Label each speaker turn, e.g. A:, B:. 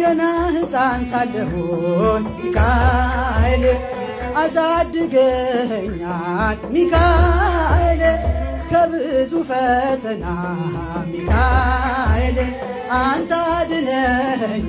A: ገና ሕፃን ሳለሁኝ ሚካኤል አሳድገኛል ሚካኤል ከብዙ
B: ፈተና ሚካኤል አንተ አድነኛ